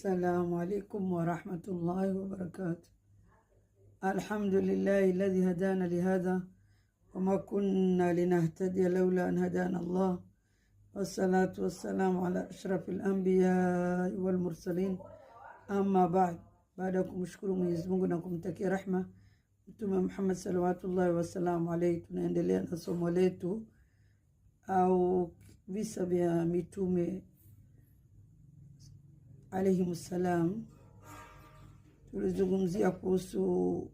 السلام عليكم ورحمة الله وبركاته الحمد لله الذي هدانا لهذا وما كنا لنهتدي لولا أن هدانا الله والصلاة والسلام على أشرف الأنبياء والمرسلين أما بعد بعدكم مشكور Mwenyezi تكي رحمة kumtakia محمد صلوات الله والسلام عليه alaihi. Tunaendelea أصوم وليتو أو au ميتومي alaihimussalam, tulizungumzia kuhusu,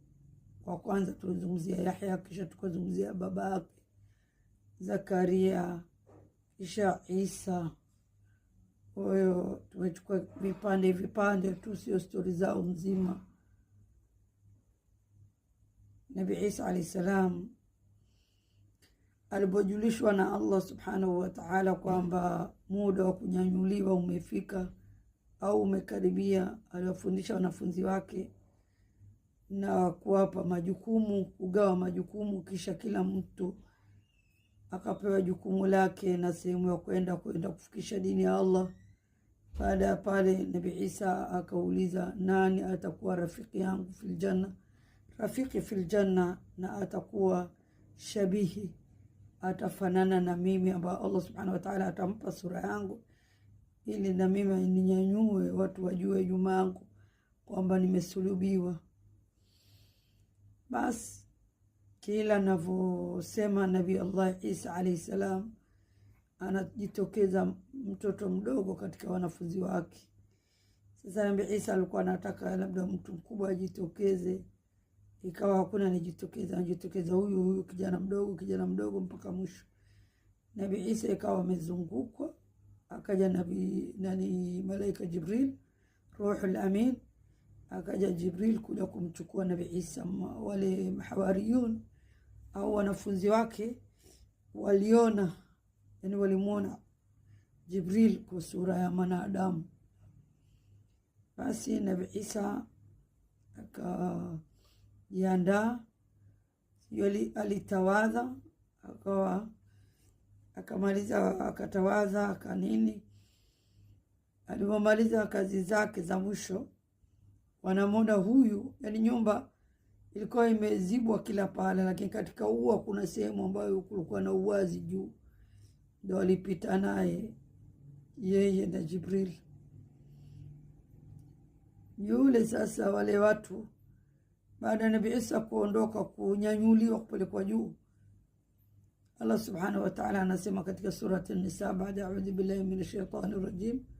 wa kwanza tulizungumzia Yahya, kisha tukazungumzia baba yake Zakaria, kisha Isa. Kwa hiyo tumechukua vipande vipande tu, sio stori zao mzima. Nabi Isa alahi salam alipojulishwa na Allah subhanahu wa ta'ala kwamba muda wa kunyanyuliwa umefika au umekaribia aliwafundisha wanafunzi wake na kuwapa majukumu, kugawa majukumu, kisha kila mtu akapewa jukumu lake na sehemu ya kwenda kwenda kufikisha dini ya Allah. Baada ya pale, Nabi Isa akauliza, nani atakuwa rafiki yangu fil janna? Rafiki fil janna, na atakuwa shabihi, atafanana na mimi, ambayo Allah subhanahu wa ta'ala atampa sura yangu ili na mimi ninyanyue, watu wajue juma yangu kwamba nimesulubiwa. Basi kila navyosema Nabii Allah Isa alaihi salam, anajitokeza mtoto mdogo katika wanafunzi wake. Sasa Nabii Isa alikuwa anataka labda mtu mkubwa ajitokeze, ikawa hakuna anajitokeza, anajitokeza huyu huyu kijana mdogo, kijana mdogo mpaka mwisho Nabii Isa ikawa amezungukwa akaja nabii nani, malaika Jibril, Ruhul Amin akaja Jibril kuja kumchukua nabi Isa. Wale hawariyun au wanafunzi wake waliona, yani walimwona Jibril kwa sura ya mwanadamu. Basi nabi Isa akajiandaa, sio alitawadha akawa akamaliza akatawaza akanini. alivomaliza kazi zake za mwisho, wanamuona huyu, yani nyumba ilikuwa imezibwa kila pale, lakini katika ua kuna sehemu ambayo kulikuwa na uwazi juu, ndo alipita naye yeye na Jibril yule. Sasa wale watu baada ya Nabii Isa kuondoka, kunyanyuliwa kupelekwa juu الله سبحانه وتعالى نسمك سورة النساء بعد أعوذ بالله من الشيطان الرجيم